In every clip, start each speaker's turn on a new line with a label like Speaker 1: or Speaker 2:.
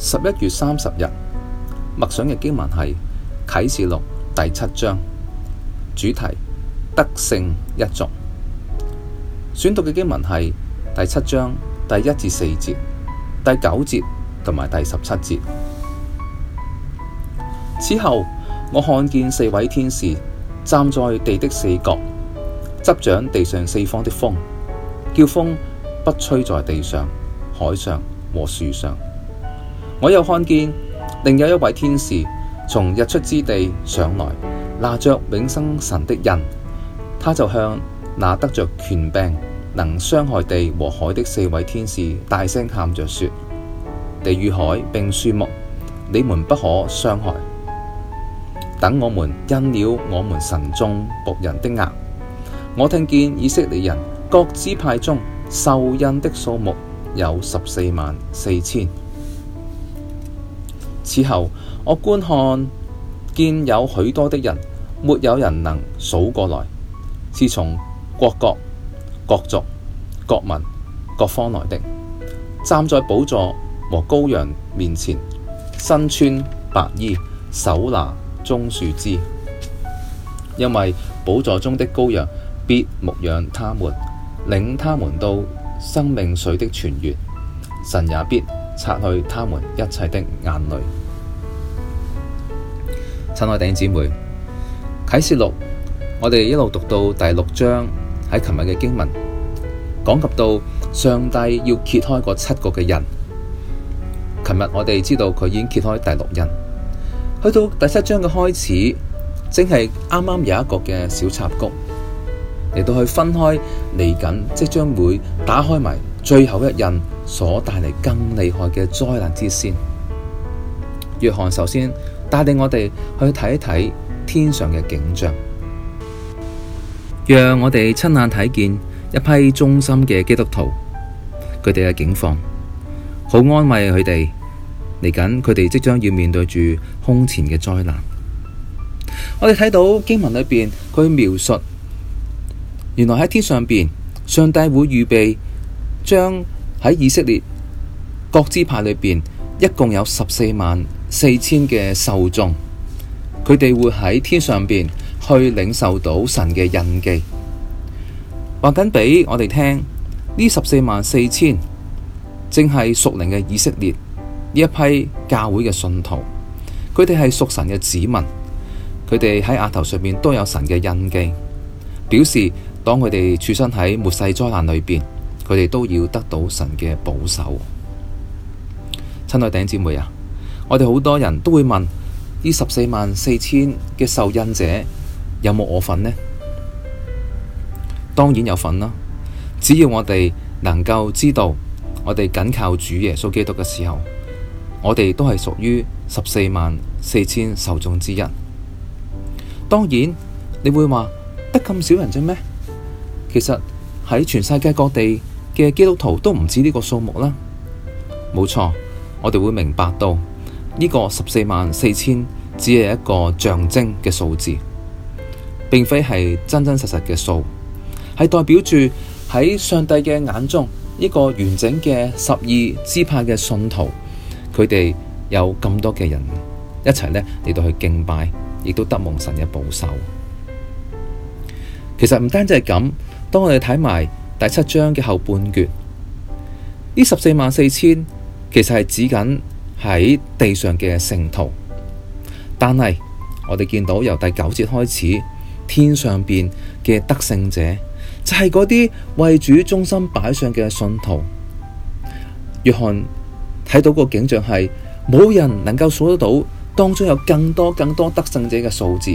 Speaker 1: 十一月三十日默想嘅經文係啟示錄第七章，主題得勝一族。選讀嘅經文係第七章第一至四節、第九節同埋第十七節。此後，我看見四位天使站在地的四角，執掌地上四方的風，叫風不吹在地上、海上和樹上。我又看見另有一位天使從日出之地上來，拿着永生神的印，他就向那得着權柄能傷害地和海的四位天使大聲喊着說：地與海並樹木，你們不可傷害，等我們印了我們神眾僕人的額。我聽見以色列人各支派中受印的數目有十四萬四千。此後，我觀看見有許多的人，沒有人能數過來，是從各國、各族、各民、各方來的，站在寶座和羔羊面前，身穿白衣，手拿棕樹枝，因為寶座中的羔羊必牧養他們，領他們到生命水的泉源，神也必。擦去他們一切的眼淚。親愛的弟兄姊妹，啟示錄我哋一路讀到第六章，喺琴日嘅經文講及到上帝要揭開個七個嘅人。琴日我哋知道佢已經揭開第六人，去到第七章嘅開始，正係啱啱有一個嘅小插曲，嚟到去分開嚟緊即將會打開埋。最後一任所帶嚟更厲害嘅災難之先，約翰首先帶領我哋去睇一睇天上嘅景象，讓我哋親眼睇見一批忠心嘅基督徒，佢哋嘅境況好安慰佢哋，嚟緊，佢哋即將要面對住空前嘅災難。 我哋睇到經文裏面佢描述，原來喺天上邊，上帝會預備。將喺以色列各支派裏邊，一共有十四萬四千嘅受眾，佢哋會喺天上邊去領受到神嘅印記。話緊俾我哋聽，呢十四萬四千正係屬靈嘅以色列呢一批教會嘅信徒，佢哋係屬神嘅子民，佢哋喺額頭上面都有神嘅印記，表示當佢哋處身喺末世災難裏邊。佢哋都要得到神嘅保守，親愛頂姐妹啊，我哋好多人都會問：呢十四萬四千嘅受印者有冇我份呢？當然有份啦！只要我哋能夠知道，我哋緊靠主耶穌基督嘅時候，我哋都係屬於十四萬四千受眾之一。當然你會話得咁少人啫咩？其實喺全世界各地。嘅基督徒都唔止呢個數目啦，冇錯，我哋會明白到呢個十四萬四千只係一個象徵嘅數字，並非係真真實實嘅數，係代表住喺上帝嘅眼中，一個完整嘅十二支派嘅信徒，佢哋有咁多嘅人一齊咧嚟到去敬拜，亦都得蒙神嘅保守。其實唔單止係咁，當我哋睇埋。第七章嘅後半段，呢十四萬四千其實係指緊喺地上嘅聖徒，但係我哋見到由第九節開始，天上邊嘅得勝者就係嗰啲為主忠心擺上嘅信徒。約翰睇到個景象係冇人能夠數得到當中有更多更多得勝者嘅數字，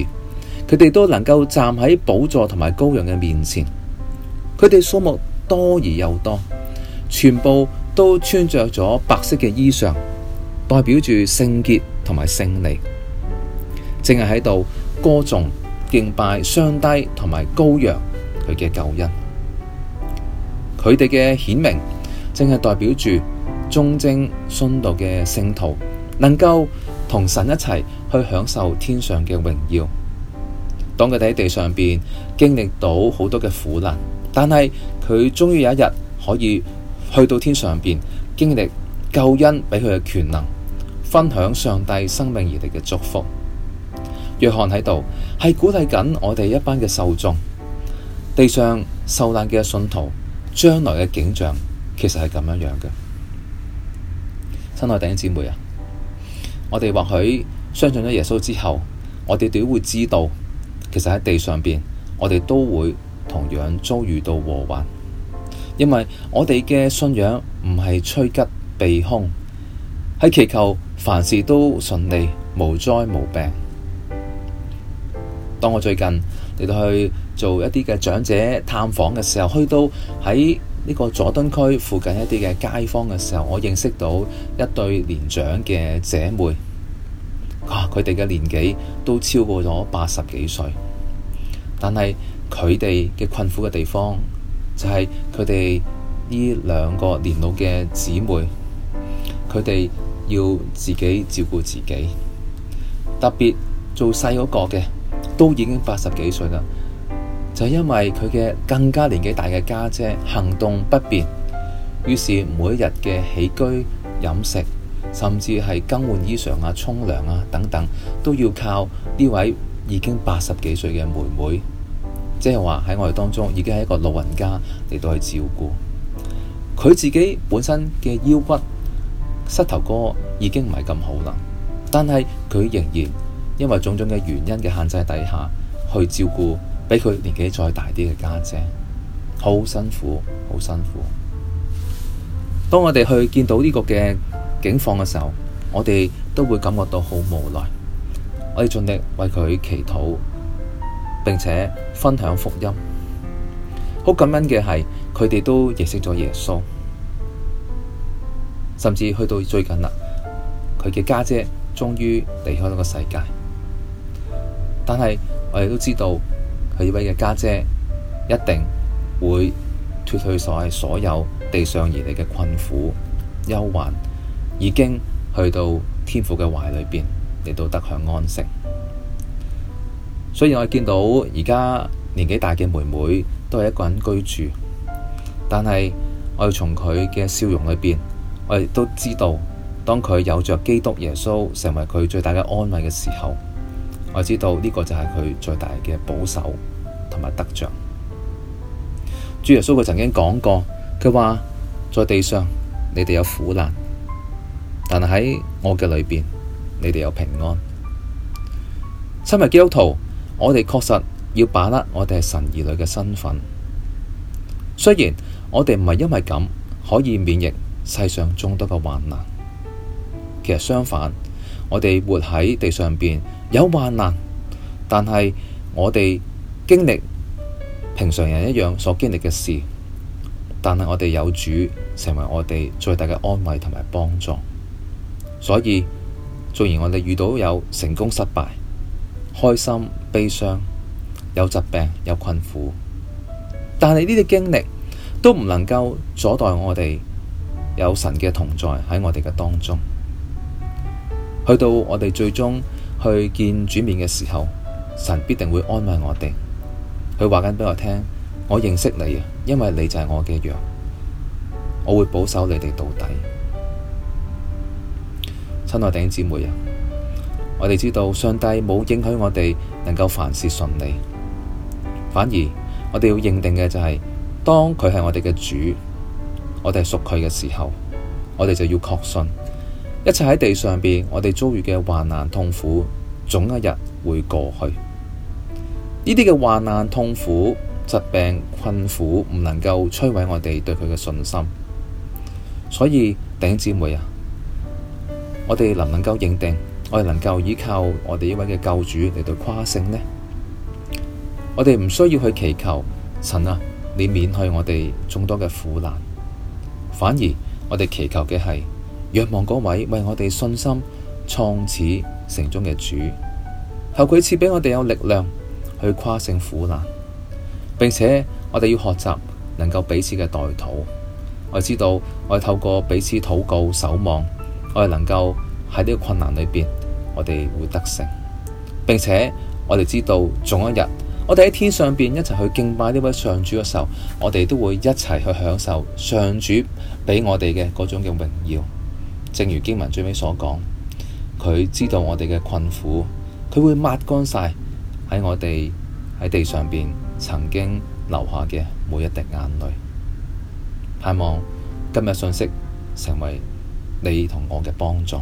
Speaker 1: 佢哋都能夠站喺寶座同埋羔羊嘅面前。佢哋數目多而又多，全部都穿着咗白色嘅衣裳，代表住聖潔同埋勝利。淨係喺度歌頌敬拜雙低同埋高揚佢嘅救恩。佢哋嘅顯明淨係代表住忠貞殉道嘅聖徒，能夠同神一齊去享受天上嘅榮耀。當佢哋喺地上邊經歷到好多嘅苦難。但係佢終於有一日可以去到天上邊，經歷救恩畀佢嘅權能，分享上帝生命而嚟嘅祝福。約翰喺度係鼓勵緊我哋一班嘅受眾，地上受難嘅信徒將來嘅景象其實係咁樣樣嘅。親愛弟兄姊妹啊，我哋或許相信咗耶穌之後，我哋都會知道，其實喺地上邊我哋都會。同樣遭遇到禍患，因為我哋嘅信仰唔係趨吉避凶，係祈求凡事都順利、無災無病。當我最近嚟到去做一啲嘅長者探訪嘅時候，去到喺呢個佐敦區附近一啲嘅街坊嘅時候，我認識到一對年長嘅姐妹，啊，佢哋嘅年紀都超過咗八十幾歲，但係。佢哋嘅困苦嘅地方就係佢哋呢兩個年老嘅姊妹，佢哋要自己照顧自己。特別做細嗰個嘅，都已經八十幾歲啦。就係因為佢嘅更加年紀大嘅家姐行動不便，於是每一日嘅起居飲食，甚至係更換衣裳啊、沖涼啊等等，都要靠呢位已經八十幾歲嘅妹妹。即係話喺我哋當中，已經係一個老人家嚟到去照顧佢自己本身嘅腰骨、膝頭哥已經唔係咁好啦。但係佢仍然因為種種嘅原因嘅限制底下去照顧，比佢年紀再大啲嘅家姐，好辛苦，好辛苦。當我哋去見到呢個嘅境況嘅時候，我哋都會感覺到好無奈。我哋盡力為佢祈禱。並且分享福音，好感恩嘅係佢哋都認識咗耶穌，甚至去到最近啦，佢嘅家姐終於離開咗個世界。但係我哋都知道，佢依位嘅家姐，姐一定會脫去晒所有地上而嚟嘅困苦、憂患，已經去到天父嘅懷裏邊，嚟到得享安息。所以我哋見到而家年紀大嘅妹妹都係一個人居住，但係我哋從佢嘅笑容裏邊，我亦都知道當佢有着基督耶穌成為佢最大嘅安慰嘅時候，我知道呢個就係佢最大嘅保守同埋得着。主耶穌佢曾經講過，佢話在地上你哋有苦難，但係喺我嘅裏邊你哋有平安。深入基督徒。我哋確實要把握我哋係神兒女嘅身份。雖然我哋唔係因為咁可以免疫世上眾多嘅患難，其實相反，我哋活喺地上邊有患難，但係我哋經歷平常人一樣所經歷嘅事，但係我哋有主成為我哋最大嘅安慰同埋幫助。所以，縱然我哋遇到有成功失敗。開心、悲傷、有疾病、有困苦，但係呢啲經歷都唔能夠阻礙我哋有神嘅同在喺我哋嘅當中。去到我哋最終去見主面嘅時候，神必定會安慰我哋。佢話緊俾我聽：「我認識你啊，因為你就係我嘅羊，我會保守你哋到底。親愛弟兄姊妹啊！我哋知道，上帝冇應許我哋能夠凡事順利，反而我哋要認定嘅就係，當佢係我哋嘅主，我哋係屬佢嘅時候，我哋就要確信，一切喺地上邊我哋遭遇嘅患難痛苦，總一日會過去。呢啲嘅患難痛苦、疾病困苦，唔能夠摧毀我哋對佢嘅信心。所以，弟兄姊妹啊，我哋能唔能夠認定？我哋能夠依靠我哋呢位嘅救主嚟到跨勝呢？我哋唔需要去祈求神啊，你免去我哋眾多嘅苦難，反而我哋祈求嘅係仰望嗰位為我哋信心創始成終嘅主，求佢賜畀我哋有力量去跨勝苦難，並且我哋要學習能夠彼此嘅代禱。我知道我哋透過彼此禱告守望，我係能夠喺呢個困難裏邊。我哋會得勝，並且我哋知道，仲有一日，我哋喺天上邊一齊去敬拜呢位上主嘅時候，我哋都會一齊去享受上主畀我哋嘅嗰種嘅榮耀。正如經文最尾所講，佢知道我哋嘅困苦，佢會抹乾晒喺我哋喺地上邊曾經留下嘅每一滴眼淚。盼望今日信息成為你同我嘅幫助。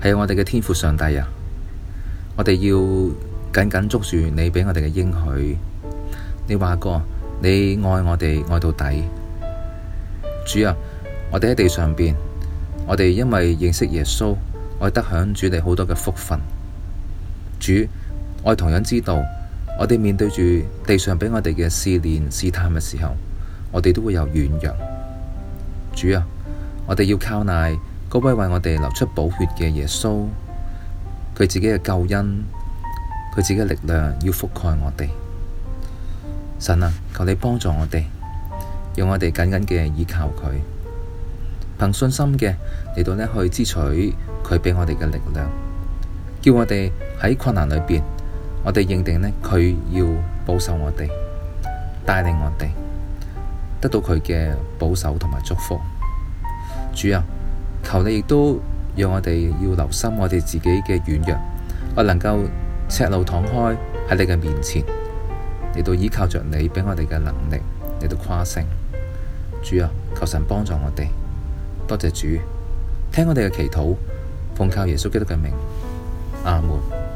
Speaker 1: 係我哋嘅天父上帝啊！我哋要緊緊捉住你畀我哋嘅應許。你話過，你愛我哋愛到底。主啊，我哋喺地上邊，我哋因為認識耶穌，我哋得享主你好多嘅福分。主，我哋同樣知道，我哋面對住地上畀我哋嘅試煉、試探嘅時候，我哋都會有軟弱。主啊，我哋要靠耐。嗰位為我哋流出寶血嘅耶穌，佢自己嘅救恩，佢自己嘅力量，要覆蓋我哋。神啊，求你幫助我哋，讓我哋緊緊嘅依靠佢，憑信心嘅嚟到呢去支取佢畀我哋嘅力量，叫我哋喺困難裏邊，我哋認定呢，佢要保守我哋，帶領我哋得到佢嘅保守同埋祝福。主啊！求你亦都讓我哋要留心我哋自己嘅軟弱，我能夠赤露躺開喺你嘅面前，你都依靠着你俾我哋嘅能力，你都跨勝。主啊，求神幫助我哋，多謝主，聽我哋嘅祈禱，奉靠耶穌基督嘅名，阿門。